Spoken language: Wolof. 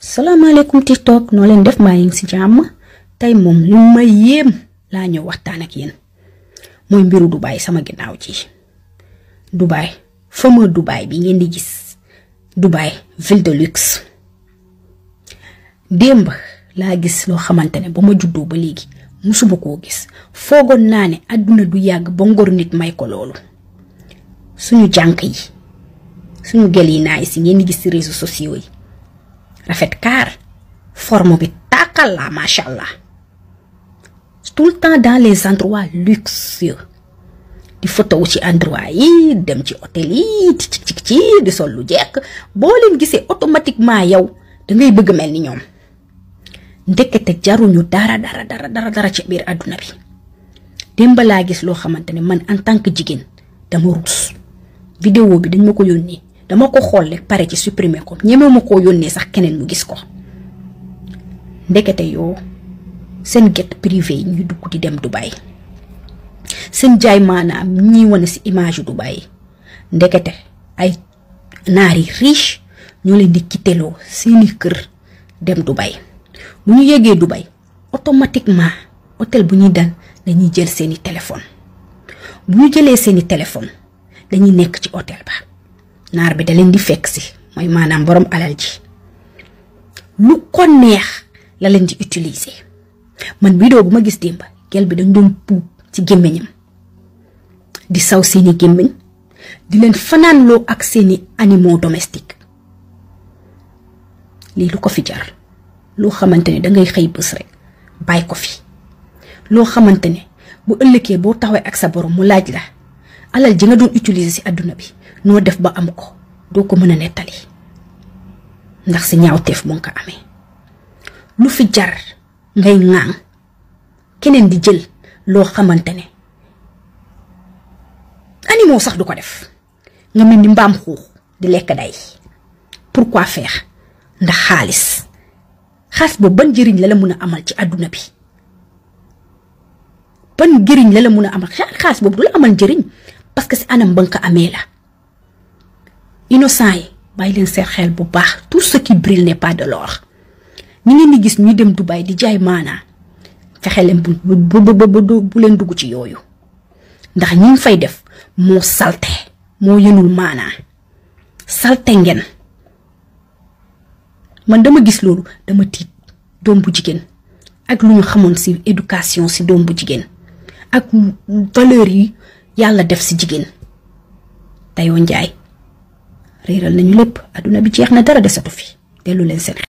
salaamaaleykum tiktok noo leen def maa ngi si jàmm tey moom li ma yéem laa ñëw waxtaan ak yéen mooy mbiru Dubaay sama ginnaaw ci Dubaay fameux Dubaay bi ngeen di gis Dubaay ville de démb laa gis loo xamante ne ba ma juddoo ba léegi musuma koo gis foogoon naa ne àdduna du yàgg ba ngor nit may ko loolu suñu jànq yi suñu gel yi naay si ngeen di gis ci réseaux sociaux yi. rafet car forme bi taakal la allah tout le temps dans les endroits luxueux di photo ci endroit yi dem ci hotel yi ci ci ci di sol lu jekk boo leen gisee automatiquement yow da ngay bëgg melni ñom ñoom ndekete jaruñu dara dara dara dara dara ci bir aduna bi dembala gis lo xamantene man en tant que jigen dama vidéo bi dañ mako dama ko xool rek pare ci supprimer ko ñemewu ma koo yónnee sax keneen mu gis ko ndekete yoo seen get privé yi ñuy dugg di dem du Dubai seen jaay maanaam ñiy wane si image du Dubai ndekete ay naar yi riche ñoo leen di kitteloo seeni kër dem du Dubai bu ñu yégee Dubai automatiquement otel bu ñuy dal dañuy jël seeni téléphone bu ñu jëlee seeni téléphone dañuy nekk ci otel ba Nar bi dalen di fexi moy manam borom alal ji lu ko neex la len di utiliser man vidéo bu ma gis demba gel bi dañ doon ci gemmeñam di saw seeni gemmeñ di fanan lo ak seeni animaux domestiques Li lu ko fi jar lu xamantene da ngay xey bés rek bay ko fi lo xamantene bu ëllëgee bo taxaw ak sa borom mu laaj la alal ji nga doon utiliser si aduna bi no def ba am ko do ko meuna netali nettali ndax si ñaawteef mo nga amé lu fi jar ngay ngang keneen di jël lo xamantene ani mo sax du ko def nga mel mbam xoo di lek day pourquoi faire ndax xaliss xass bo ban njëriñ la la amal ci aduna bi ban la la amal xaalis bo du la amal parce que c'est anam ba Amela. innocent yi xel tout ce qui brille n'est pas de l'or Ni ngeen gis dem dubai di jay mana bu bu bu len dugg ci ndax ñi fay def mo salté mo mana salté ngeen man dama gis lolu dama tit bu ak lu ñu ci éducation ci ak valeur yi yàlla def si jigéen dayoo njaay réeral nañu lépp adduna bi jeex na dara desatu fi dellu leen seen